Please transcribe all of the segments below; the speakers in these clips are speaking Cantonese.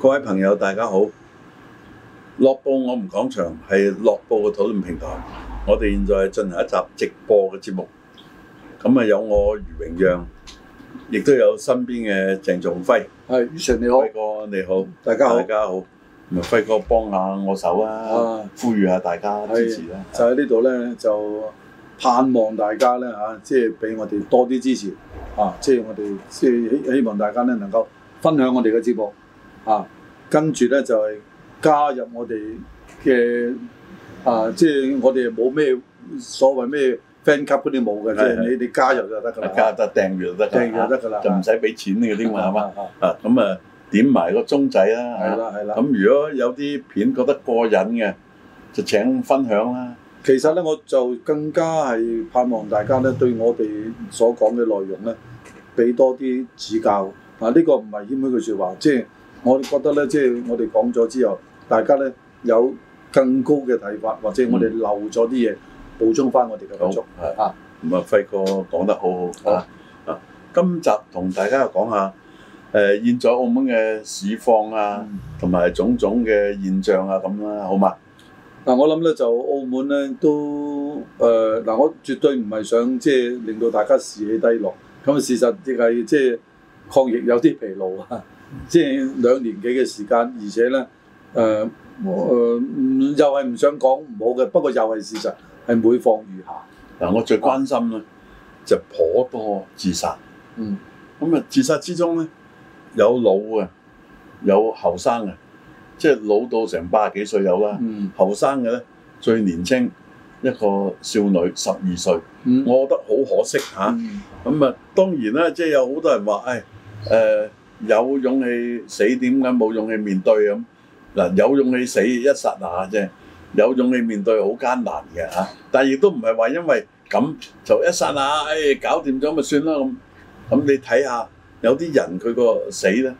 各位朋友，大家好！樂報我哋講場，係樂報嘅討論平台。我哋現在進行一集直播嘅節目。咁啊，有我余榮讓，亦都有身邊嘅鄭仲輝。係，余 Sir 你好。輝哥你好，大家好。大家好，咪輝哥幫下我手啊！呼籲下大家支持啦。是是就喺呢度咧，就盼望大家咧嚇，即係俾我哋多啲支持啊！即、就、係、是、我哋，即係希希望大家咧能夠分享我哋嘅節目。啊，跟住咧就係加入我哋嘅啊，即係我哋冇咩所謂咩 friend 級嗰啲冇嘅，即係你哋加入就得噶啦，加入得訂閱得訂住得噶啦，就唔使俾錢嗰啲嘛，係嘛？啊，咁啊，點埋個鐘仔啦，係啦係啦，咁如果有啲片覺得過癮嘅，就請分享啦。其實咧，我就更加係盼望大家咧對我哋所講嘅內容咧，俾多啲指教啊！呢個唔係謙虛句説話，即係。我哋覺得咧，即、就、係、是、我哋講咗之後，大家咧有更高嘅睇法，或者我哋漏咗啲嘢，補充翻我哋嘅不足。係、嗯、啊，阿輝哥講得好好。啊今集同大家講下誒、呃，現在澳門嘅市況啊，同埋、嗯、種種嘅現象啊，咁啦、啊，好嘛？嗱、啊，我諗咧就澳門咧都誒，嗱、呃啊，我絕對唔係想即係、就是、令到大家士氣低落。咁事實亦係即係抗疫有啲疲勞啊。即係兩年幾嘅時間，而且咧，誒、呃、誒、呃，又係唔想講唔好嘅，不過又係事實，係每況愈下。嗱、啊，我最關心咧、啊、就頗多自殺。嗯，咁啊、嗯，自殺之中咧有老啊，有後生啊，即係老到成八十幾歲有啦。嗯，後生嘅咧最年輕一個少女十二歲。歲嗯、我覺得好可惜嚇。咁啊、嗯嗯，當然啦，即係有好多人話誒誒。哎呃哎呃呃呃哎呃有勇氣死點解冇勇氣面對咁嗱？有勇氣死一剎那啫，有勇氣面對好艱難嘅嚇。但係亦都唔係話因為咁就一剎那，誒搞掂咗咪算啦咁。咁你睇下有啲人佢個死咧，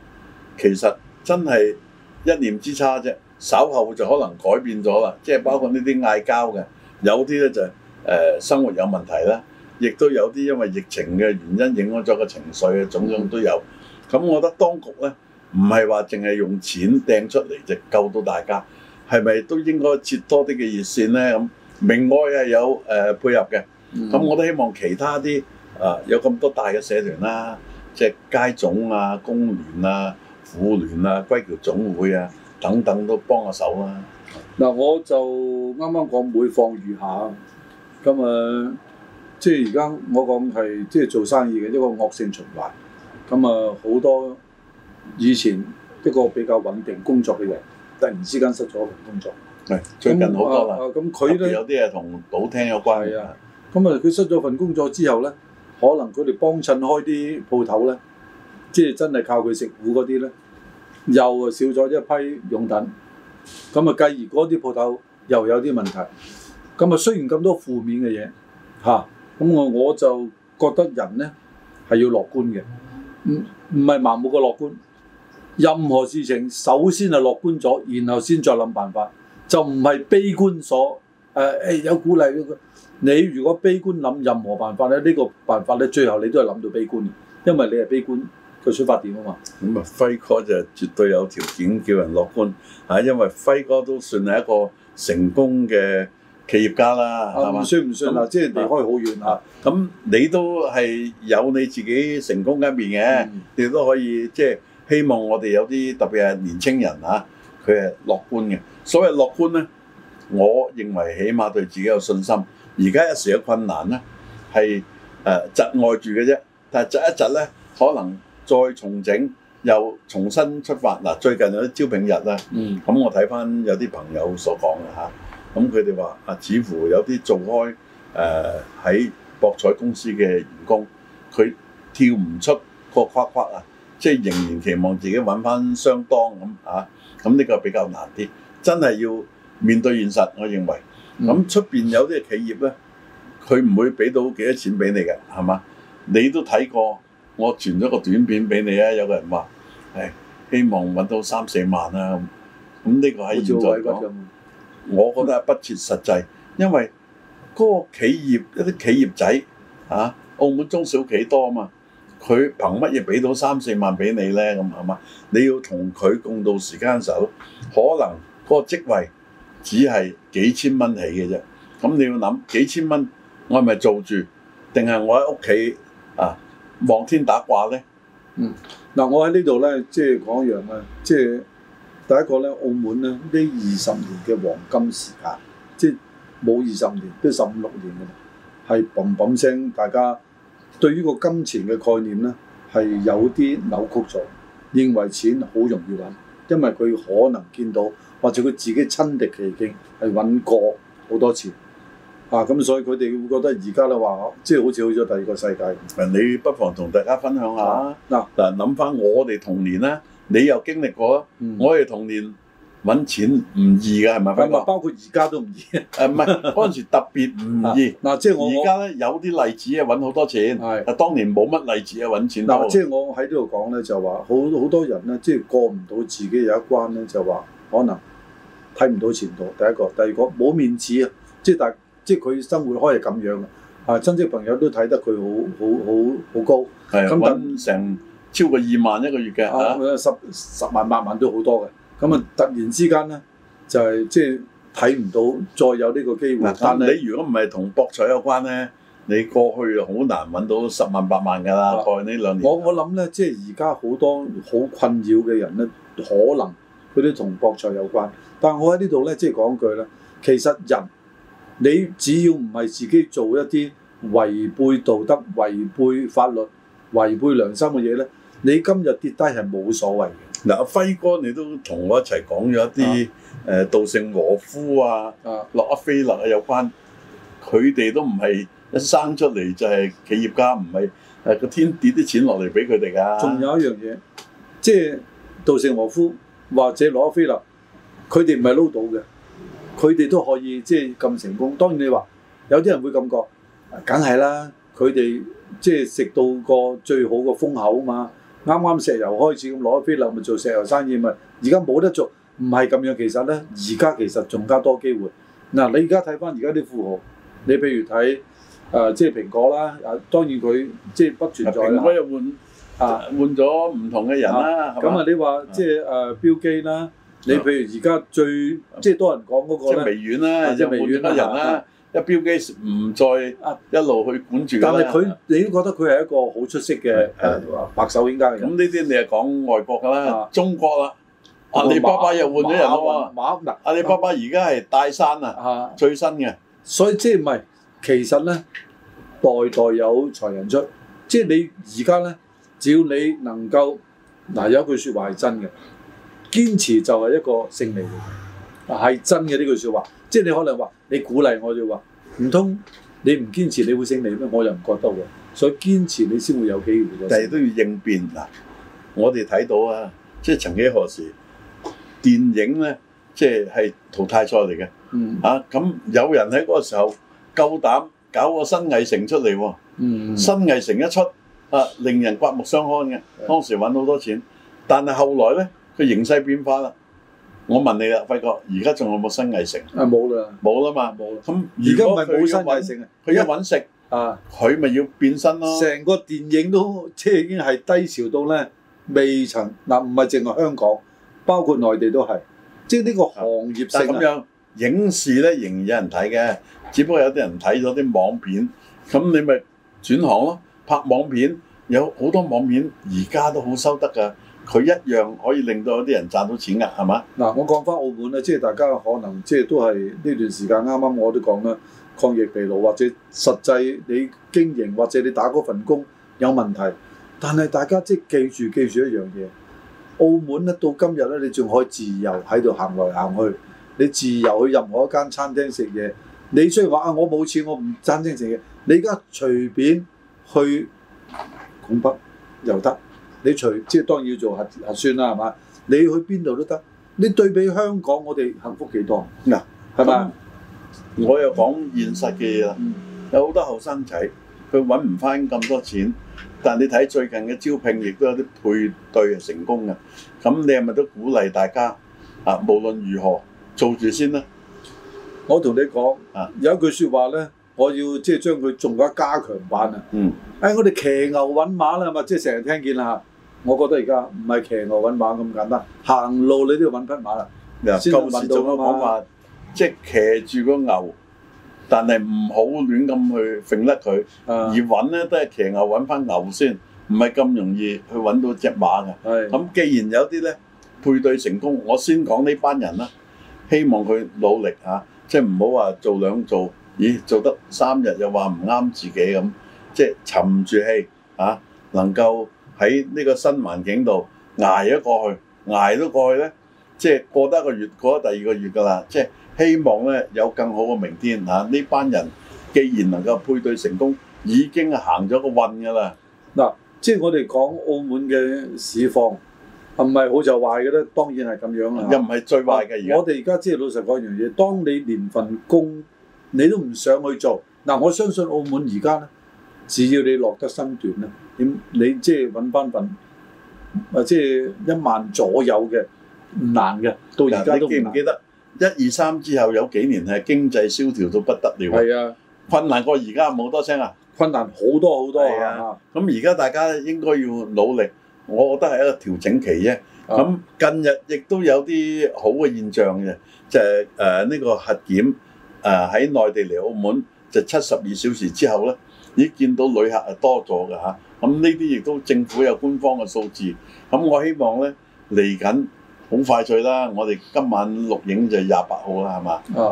其實真係一念之差啫，稍後就可能改變咗啦。即係包括呢啲嗌交嘅，有啲咧就係誒生活有問題啦，亦都有啲因為疫情嘅原因影響咗個情緒啊，種種都有。咁我覺得當局咧唔係話淨係用錢掟出嚟就救到大家，係咪都應該設多啲嘅熱線咧？咁明愛啊有誒、呃、配合嘅，咁、嗯、我都希望其他啲啊、呃、有咁多大嘅社團啦、啊，即街總啊、工聯啊、婦聯啊、歸橋總會啊等等都幫下手啦。嗱、嗯，我就啱啱講每況愈下，咁啊、呃，即而家我講係即係做生意嘅一個惡性循環。咁啊，好多以前一個比較穩定工作嘅人，突然之間失咗份工作，係最近好多啦。咁那啊，有啲啊同賭廳有關嘅。咁啊，佢失咗份工作之後咧，可能佢哋幫襯開啲鋪頭咧，即係真係靠佢食苦嗰啲咧，又啊少咗一批擁躉。咁啊，繼而嗰啲鋪頭又有啲問題。咁啊，雖然咁多負面嘅嘢，嚇、啊，咁我我就覺得人咧係要樂觀嘅。唔唔係盲目嘅樂觀，任何事情首先係樂觀咗，然後先再諗辦法，就唔係悲觀所誒誒、呃哎，有鼓勵，你如果悲觀諗任何辦法咧，呢、這個辦法咧，最後你都係諗到悲觀，因為你係悲觀嘅出發點啊嘛。咁啊、嗯，輝哥就絕對有條件叫人樂觀嚇，因為輝哥都算係一個成功嘅。企業家啦，係嘛、啊？算唔算？啊？嗯、即係離開好遠啊！咁、嗯、你都係有你自己成功一面嘅，嗯、你都可以即係、就是、希望我哋有啲特別係年青人啊，佢係樂觀嘅。所謂樂觀咧，我認為起碼對自己有信心。而家一時嘅困難咧，係誒窒礙住嘅啫。但係窒一窒咧，可能再重整又重新出發。嗱、啊，最近有啲招聘日啦，咁、嗯嗯、我睇翻有啲朋友所講嘅嚇。啊。咁佢哋話：啊，似乎有啲做開誒喺、呃、博彩公司嘅員工，佢跳唔出個框框啊，即係仍然期望自己揾翻相當咁啊。咁、啊、呢個比較難啲，真係要面對現實。我認為咁出面有啲企業咧，佢唔會俾到幾多錢俾你嘅，係嘛？你都睇過，我傳咗個短片俾你啊。有個人話：，誒希望揾到三四萬啊。咁呢個喺現在我覺得係不切實際，因為嗰個企業一啲企業仔啊，澳門中小企多啊嘛，佢憑乜嘢俾到三四萬俾你咧？咁係嘛？你要同佢共度時間手，可能嗰個職位只係幾千蚊起嘅啫。咁你要諗幾千蚊，我係咪做住，定係我喺屋企啊望天打卦咧？嗯，嗱，我喺呢度咧，即係講一樣嘅，即係。第一個咧，澳門咧呢二十年嘅黃金時間，即係冇二十年，都十五六年㗎啦，係嘭嘭聲，大家對於個金錢嘅概念咧係有啲扭曲咗，認為錢好容易揾，因為佢可能見到或者佢自己親歷其境係揾過好多錢，啊咁所以佢哋會覺得而家嘅話，即係好似去咗第二個世界。你不妨同大家分享下嗱，嗱諗翻我哋童年啦。你又經歷過、嗯、啊？我哋童年揾錢唔易嘅，係咪？包括而家都唔易。誒唔係，嗰陣時特別唔易。嗱、啊，即係我而家咧有啲例子啊揾好多錢。係，啊，當年冇乜例子啊揾錢。嗱，即係我喺呢度講咧，就話、是、好好多人咧，即、就、係、是、過唔到自己有一關咧，就話可能睇唔到前途。第一個，第二個冇面子啊，即係大即係佢生活開係咁樣嘅。啊，親戚朋友都睇得佢好好好好，好高。係、嗯，揾、嗯嗯嗯、成。嗯超過二萬一個月嘅、啊啊，十十萬八萬,萬都好多嘅。咁啊、嗯，突然之間呢，就係即係睇唔到再有呢個機會。但係你如果唔係同博彩有關呢，你過去好難揾到十萬八萬㗎啦。過去呢兩年，我我諗呢，即係而家好多好困擾嘅人呢，可能佢都同博彩有關。但係我喺呢度呢，即係講句呢，其實人你只要唔係自己做一啲違背道德、違背法，法律、違背良心嘅嘢呢。你今日跌低係冇所謂嘅。嗱、啊，阿輝哥你都同我一齊講咗一啲誒稻盛和夫啊，洛、啊、阿菲勒啊，有關佢哋都唔係一生出嚟就係企業家，唔係誒個天跌啲錢落嚟俾佢哋㗎。仲有一樣嘢，即係稻盛和夫或者洛阿菲勒，佢哋唔係撈到嘅，佢哋都可以即係咁成功。當然你話有啲人會咁講，梗係啦，佢哋即係食到個最好個風口啊嘛。啱啱石油開始咁攞飛了，咪做石油生意咪？而家冇得做，唔係咁樣。其實咧，而家其實仲加多機會。嗱，你而家睇翻而家啲富豪，你譬如睇誒，即係蘋果啦，當然佢即係不存在啦。蘋果又換啊，換咗唔同嘅人啦。咁啊，你話即係誒 Bill Gates 啦，你譬如而家最即係多人講嗰個咧，即係微軟啦，即係微軟啦。Bill Gates 唔再一路去管住佢，但係佢你都覺得佢係一個好出色嘅白手起家嘅人。咁呢啲你係講外國噶啦，中國啦，阿里巴巴又換咗人啦喎，阿里巴巴而家係戴珊啊，最新嘅。所以即係唔係其實咧代代有才人出，即係你而家咧，只要你能夠嗱，有一句説話係真嘅，堅持就係一個勝利啊，係真嘅呢句説話。即係你可能話。你鼓勵我就話，唔通你唔堅持你會勝利咩？我又唔覺得喎，所以堅持你先會有機會。但係都要應變嗱，我哋睇到啊，即係曾幾何時，電影咧即係係淘汰賽嚟嘅，吓咁有人喺嗰個時候夠膽搞個新藝城出嚟喎，新藝城一出啊令人刮目相看嘅，當時揾好多錢，但係後來咧佢形勢變化啦。我問你啦，輝哥，而家仲有冇新藝城？誒冇啦，冇啦嘛，冇啦。咁而家唔係冇新藝城啊，佢一揾食啊，佢咪為要變身咯。成、啊、個電影都即係已經係低潮到咧，未曾，嗱，唔係淨係香港，包括內地都係，即係呢個行業性，咁、啊、樣影視咧仍然有人睇嘅，只不過有啲人睇咗啲網片，咁你咪轉行咯，拍網片，有好多網片而家都好收得噶。佢一樣可以令到有啲人賺到錢㗎，係嘛？嗱，我講翻澳門咧，即係大家可能即係都係呢段時間啱啱我都講啦，抗疫疲勞或者實際你經營或者你打嗰份工有問題，但係大家即係記住記住一樣嘢，澳門咧到今日咧，你仲可以自由喺度行來行去，你自由去任何一間餐廳食嘢。你雖然話啊，我冇錢，我唔餐廳食嘢，你而家隨便去拱北又得。你除即係當然要做核核酸啦，係嘛？你去邊度都得。你對比香港，我哋幸福幾多？嗱，係嘛？我又講現實嘅嘢啦。嗯、有好多後生仔，佢揾唔翻咁多錢，但係你睇最近嘅招聘，亦都有啲配對係成功嘅。咁、嗯嗯、你係咪都鼓勵大家啊？無論如何，做住先啦。我同你講啊，有一句説話咧，我要即係將佢仲加加強版啊。嗯。誒、嗯哎，我哋騎牛揾馬啦，係嘛？即係成日聽見啦。我覺得而家唔係騎牛揾馬咁簡單，行路你都要揾匹馬啦。嗱，先揾到啊嘛，即係騎住個牛，但係唔好亂咁去揈甩佢，嗯、而揾咧都係騎牛揾翻牛先，唔係咁容易去揾到隻馬嘅。咁、嗯、既然有啲咧配對成功，我先講呢班人啦，希望佢努力嚇、啊，即係唔好話做兩做，咦做得三日又話唔啱自己咁，即係沉住氣嚇、啊，能夠。喺呢個新環境度捱咗過去，捱咗過去咧，即係過得一個月，過咗第二個月㗎啦。即係希望咧有更好嘅明天嚇。呢、啊、班人既然能夠配對成功，已經行咗個運㗎啦。嗱，即係我哋講澳門嘅市況，唔係好就壞嘅咧，當然係咁樣啦。又唔係最壞嘅、啊，而家我哋而家即係老實講樣嘢，當你連份工你都唔想去做，嗱，我相信澳門而家咧。只要你落得身段咧，點你即係揾翻份，啊即係一萬左右嘅唔難嘅。到而家、啊、記唔記得一二三之後有幾年係經濟蕭條到不得了？係啊，困難過而家冇多聲啊！困難好多好多嘢啊！咁而家大家應該要努力，我覺得係一個調整期啫。咁近日亦都有啲好嘅現象嘅，就係誒呢個核檢誒喺內地嚟澳門，就七十二小時之後咧。咦，見到旅客啊多咗㗎吓，咁呢啲亦都政府有官方嘅數字，咁我希望咧嚟緊好快脆啦，我哋今晚錄影就廿八號啦，係嘛？啊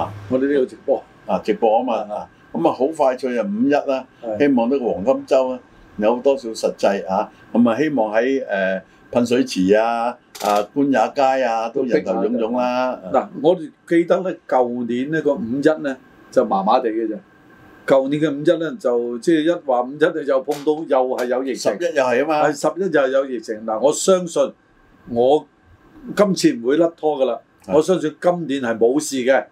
啊，我哋呢度直播啊，直播啊嘛啊，咁啊好快脆啊五一啦，希望呢個黃金週有多少實際啊，咁啊希望喺誒噴水池啊、啊官也街啊都人頭湧湧啦。嗱，我哋記得咧舊年呢個五一咧就麻麻地嘅啫。舊年嘅五一咧，就即係一話五一又碰到又係有疫情，十一又係啊嘛，係十一又係有疫情嗱。我相信我今次唔會甩拖噶啦，我相信今年係冇事嘅，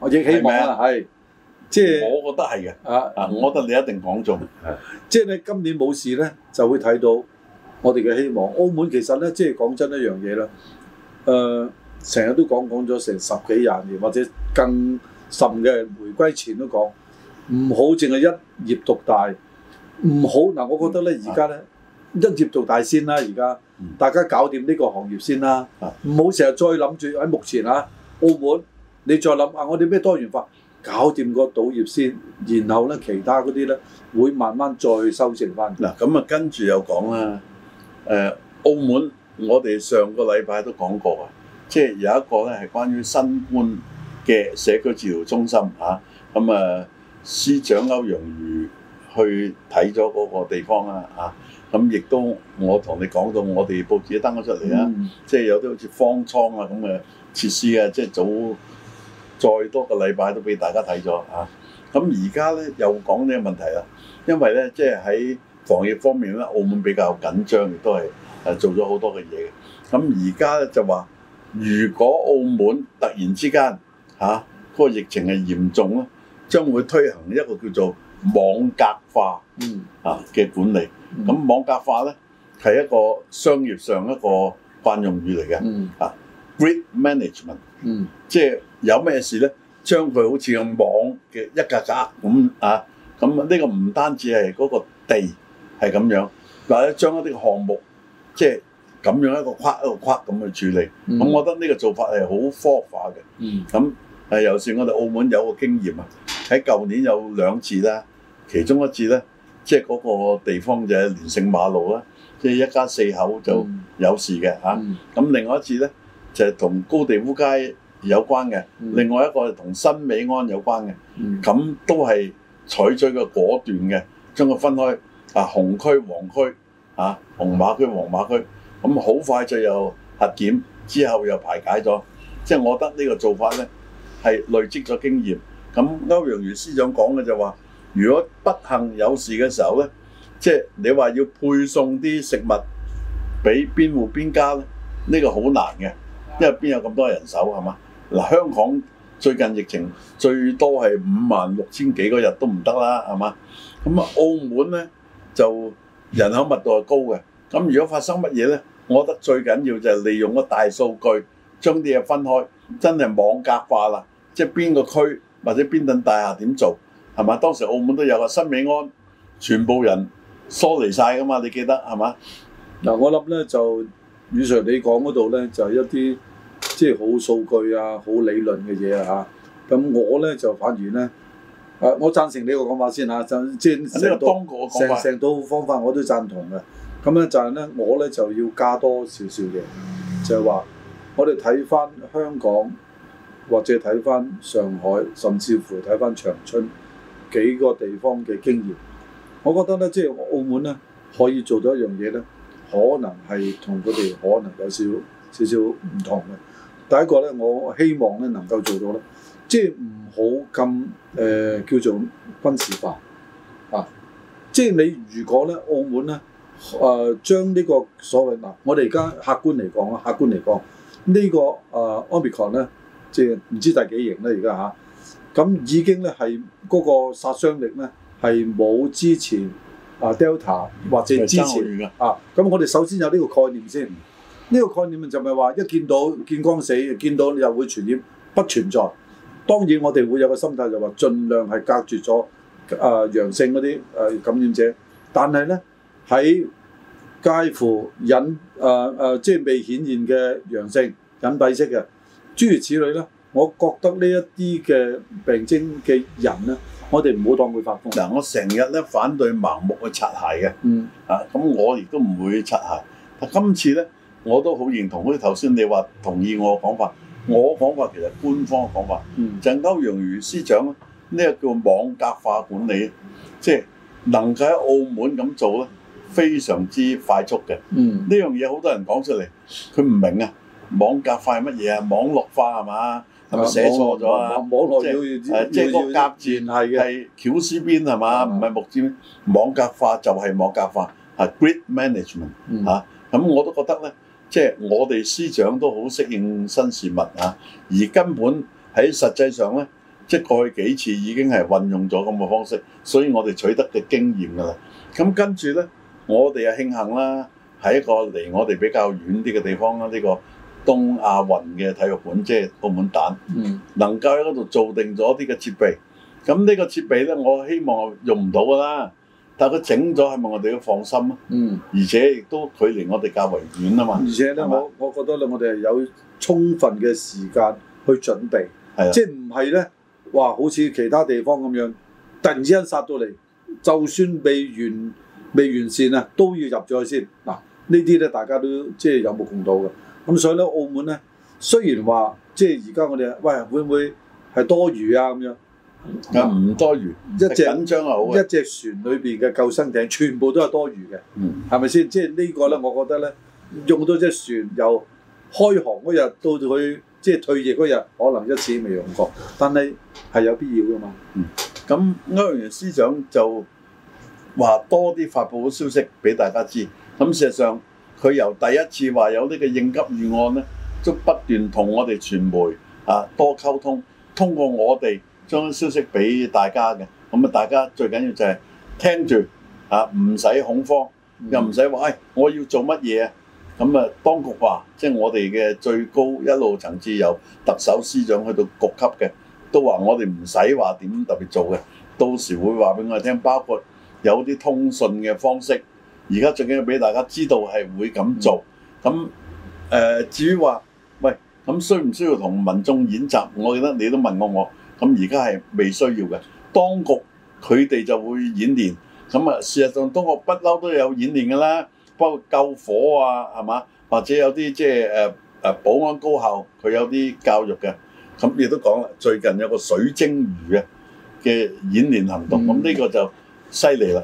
我亦希望係，即係我覺得係嘅啊！我覺得你一定講中，即係你今年冇事咧，就會睇到我哋嘅希望。澳門其實咧，即係講真一樣嘢啦，誒成日都講講咗成十幾廿年，或者更甚嘅，回歸前都講。唔好淨係一業獨大，唔好嗱，我覺得咧而家咧一業做大先啦。而家大家搞掂呢個行業先啦，唔好成日再諗住喺目前啊，澳門你再諗下我哋咩多元化，搞掂個賭業先，然後咧其他嗰啲咧會慢慢再修正翻。嗱，咁啊跟住又講啦，誒澳門我哋上個禮拜都講過啊，即係有一個咧係關於新冠嘅社區治療中心嚇，咁啊～司長歐陽瑜去睇咗嗰個地方，啊，、嗯、方個啊，啊，咁亦都我同你講到，我哋報紙登咗出嚟啊，即係有啲好似方艙啊咁嘅設施啊，即係早再多個禮拜都俾大家睇咗啊。咁而家咧又講呢個問題啦，因為咧即係喺防疫方面咧，澳門比較緊張，亦都係誒做咗好多嘅嘢。咁而家咧就話，如果澳門突然之間嚇嗰、啊那個、疫情係嚴重咧？將會推行一個叫做網格化啊嘅管理。咁、嗯、網格化咧係一個商業上一個慣用語嚟嘅、嗯、啊，grid management，、嗯、即係有咩事咧，將佢好似個網嘅一格格咁、嗯、啊。咁呢個唔單止係嗰個地係咁樣，或者將一啲項目即係咁樣一個框一個框咁去處理。咁、嗯、我覺得呢個做法係好科化嘅。咁誒、嗯，尤其、嗯、我哋澳門有個經驗啊。喺舊年有兩次啦，其中一次呢，即係嗰個地方就係聯勝馬路啦，即、就、係、是、一家四口就有事嘅嚇。咁、嗯啊、另外一次呢，就係、是、同高地烏街有關嘅，嗯、另外一個係同新美安有關嘅。咁、嗯、都係採取個果斷嘅，將佢分開，啊紅區黃區嚇、啊，紅馬區黃馬區。咁、啊、好快就有核檢，之後又排解咗。即、就、係、是、我覺得呢個做法呢，係累積咗經驗。咁歐陽瑜司長講嘅就話，如果不幸有事嘅時候咧，即係你話要配送啲食物俾邊戶邊家咧，呢個好難嘅，因為邊有咁多人手係嘛？嗱，香港最近疫情最多係五萬六千幾嗰日都唔得啦，係嘛？咁啊，澳門咧就人口密度係高嘅，咁如果發生乜嘢咧，我覺得最緊要就係利用個大數據將啲嘢分開，真係網格化啦，即係邊個區？或者邊棟大廈點做係嘛？當時澳門都有個新美安，全部人疏離晒噶嘛？你記得係嘛？嗱、啊，我諗咧就宇 Sir 你講嗰度咧就係一啲即係好數據啊、好理論嘅嘢啊，咁、啊、我咧就反而咧誒、啊，我贊成你個講法先嚇、啊，就即係成到成成套方法我都贊同嘅。咁、啊、咧就係咧，我咧就要加多少少嘅，就係、是、話我哋睇翻香港。或者睇翻上海，甚至乎睇翻長春幾個地方嘅經驗，我覺得咧，即係澳門咧可以做到一樣嘢咧，可能係同佢哋可能有少少少唔同嘅。第一個咧，我希望咧能夠做到咧，即係唔好咁誒叫做軍事化啊！即係你如果咧澳門咧誒、呃、將呢個所謂嗱、呃，我哋而家客觀嚟講啊，客觀嚟講、這個呃、呢個誒 Omicron 咧。即係唔知第幾型咧，而家吓，咁、啊、已經咧係嗰個殺傷力咧係冇之前啊 Delta 或者之前，之前啊咁，我哋首先有呢個概念先。呢、呢個概念就係話一見到見光死，見到你又會傳染不存在。當然我哋會有個心態就話盡量係隔絕咗啊、呃、陽性嗰啲誒感染者，但係咧喺介乎隱誒誒即係未顯現嘅陽性隱蔽式嘅。諸如此類咧，我覺得呢一啲嘅病徵嘅人咧，我哋唔好當佢發瘋。嗱，我成日咧反對盲目去擦鞋嘅，嗯，啊，咁我亦都唔會擦鞋。但今次咧，我都好認同，好似頭先你話同意我講法，我講法其實官方講法，嗯，就係歐陽瑜司長呢個叫網格化管理，即係能夠喺澳門咁做咧，非常之快速嘅，嗯，呢樣嘢好多人講出嚟，佢唔明啊。網格化係乜嘢啊？網絡化係嘛？係咪寫錯咗啊？即係即係個夾戰係嘅係絞絲邊係嘛？唔係木字邊。網格化就係網格化嚇，grid management 嚇。咁我都覺得咧，即係我哋司長都好適應新事物嚇。而根本喺實際上咧，即係過去幾次已經係運用咗咁嘅方式，所以我哋取得嘅經驗㗎啦。咁跟住咧，我哋又慶幸啦，喺一個離我哋比較遠啲嘅地方啦，呢個。東亞運嘅體育館即係澳門蛋，嗯、能夠喺嗰度做定咗啲嘅設備，咁呢個設備咧，我希望用唔到噶啦。但係佢整咗係咪我哋都放心啊？嗯，而且亦都距離我哋較為遠啊嘛。而且咧，我吧我覺得咧，我哋係有充分嘅時間去準備，的即係唔係咧？哇！好似其他地方咁樣，突然之間殺到嚟，就算未完未完善啊，都要入咗去先。嗱，呢啲咧，大家都即係有目共睹嘅。咁所以咧，澳門咧，雖然話即係而家我哋喂會唔會係多餘啊咁樣？啊、嗯，唔多餘，一隻，緊張係好緊張，一隻船裏邊嘅救生艇全部都係多餘嘅，係咪先？即係呢個咧，我覺得咧，用到隻船由開航嗰日到佢即係退役嗰日，可能一次未用過，但係係有必要噶嘛？嗯，咁歐陽司長就話多啲發布好消息俾大家知，咁事實上。佢由第一次話有呢個應急預案咧，都不斷同我哋傳媒啊多溝通，通過我哋將消息俾大家嘅。咁啊，大家最緊要就係聽住啊，唔使恐慌，又唔使話誒我要做乜嘢啊。咁啊，當局話即係我哋嘅最高一路層次由特首司長去到局級嘅，都話我哋唔使話點特別做嘅。到時會話俾我哋聽，包括有啲通訊嘅方式。而家最緊要俾大家知道係會咁做，咁誒、呃、至於話喂，咁需唔需要同民眾演習？我記得你都問過我，咁而家係未需要嘅。當局佢哋就會演練，咁啊，事實上當局不嬲都有演練㗎啦，包括救火啊，係嘛？或者有啲即係誒誒保安高校佢有啲教育嘅，咁亦都講啦。最近有個水晶魚嘅嘅演練行動，咁呢、嗯、個就犀利啦。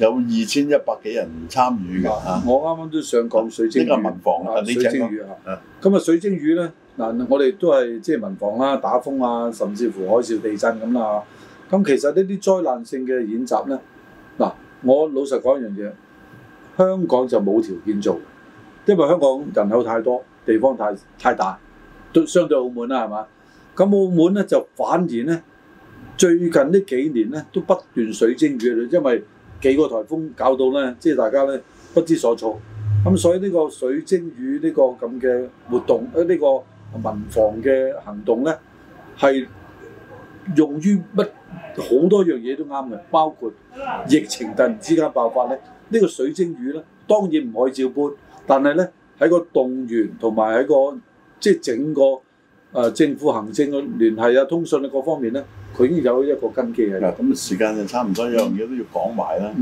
有二千一百幾人參與嘅嚇，嗯啊、我啱啱都想講水晶。呢個民防啊，水晶雨啊，咁啊，水晶雨咧嗱，啊、我哋都係即係民防啦，打風啊，甚至乎海嘯、地震咁啦，咁其實呢啲災難性嘅演習咧，嗱，我老實講一樣嘢，香港就冇條件做，因為香港人口太多，地方太太大，都相對澳門啦係嘛？咁澳門咧就反而咧，最近呢幾年咧都不斷水晶雨，因為幾個颱風搞到咧，即係大家咧不知所措。咁所以呢個水晶魚呢個咁嘅活動，誒、這、呢個民防嘅行動咧，係用於乜好多樣嘢都啱嘅，包括疫情突然之間爆發咧，呢、這個水晶魚咧當然唔可以照搬，但係咧喺個動員同埋喺個即係整個誒政府行政嘅聯繫啊、通訊嘅、啊、各方面咧。已經有一個根基㗎啦，咁啊時間就差唔多，一樣嘢都要講埋啦。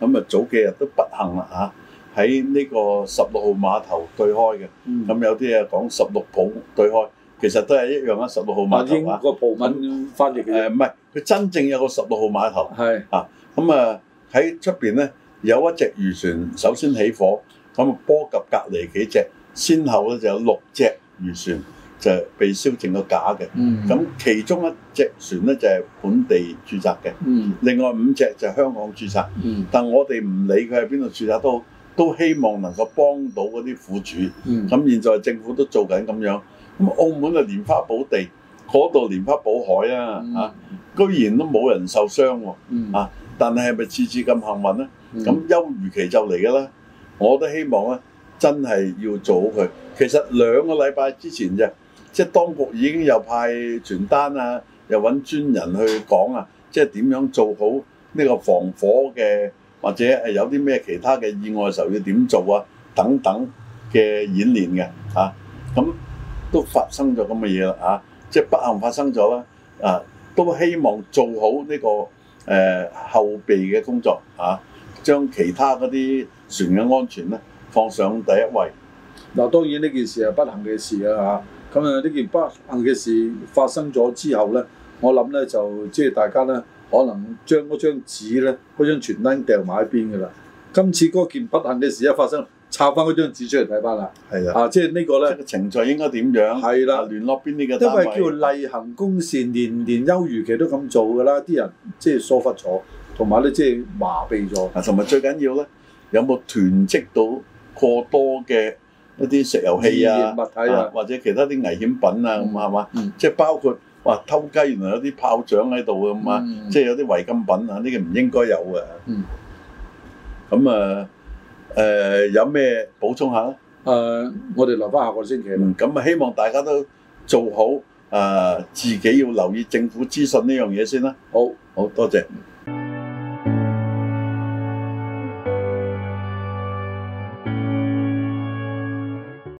咁啊早幾日都不幸啦嚇，喺呢個十六號碼頭對開嘅，咁有啲嘢講十六浦對開，其實都係一樣啦，十六號碼頭啊。個葡文翻譯誒，唔係，佢真正有個十六號碼頭。係啊，咁啊喺出邊咧有一隻漁船首先起火，咁波及隔離幾隻，先後咧就有六隻漁船。就被燒淨個假嘅，咁其中一隻船咧就係本地註冊嘅，另外五隻就係香港註冊，但我哋唔理佢喺邊度註冊都好，都希望能夠幫到嗰啲苦主。咁現在政府都做緊咁樣，咁澳門嘅蓮花寶地，嗰度蓮花寶海啊嚇，居然都冇人受傷喎，啊！但係係咪次次咁幸運咧？咁休漁期就嚟㗎啦，我都希望咧真係要做好佢。其實兩個禮拜之前啫。即係當局已經又派傳單啊，又搵專人去講啊，即係點樣做好呢個防火嘅，或者係有啲咩其他嘅意外嘅時候要點做啊，等等嘅演練嘅啊，咁、嗯、都發生咗咁嘅嘢啦啊，即係不幸發生咗啦啊，都希望做好呢、呢個誒、呃、後備嘅工作啊，將其他嗰啲船嘅安全咧放上第一位。嗱，當然呢件事係不幸嘅事啦、啊、嚇。咁啊！呢件不幸嘅事發生咗之後咧，我諗咧就即係大家咧，可能將嗰張紙咧、嗰張傳單掟埋喺邊噶啦。今次嗰件不幸嘅事一發生，抄翻嗰張紙出嚟睇翻啦。係的啊，啊即係呢個咧，程序應該點樣？係啦的，聯、啊、絡邊啲嘅單位？因為叫例行公事，年年休漁期都咁做噶啦。啲人即係疏忽咗，同埋咧即係麻痹咗。同埋、啊、最緊要咧，有冇囤積到過多嘅？一啲石油氣啊，物體啊，啊，或者其他啲危險品啊，咁係嘛？即係、就是、包括話偷雞，原來有啲炮仗喺度咁啊，即係、嗯、有啲違禁品啊，呢個唔應該有嘅。嗯，咁啊，誒、啊啊、有咩補充下咧？誒、啊，我哋留返下個星期咁、嗯、啊，希望大家都做好誒、啊，自己要留意政府資訊呢樣嘢先啦、啊嗯。好，好多謝。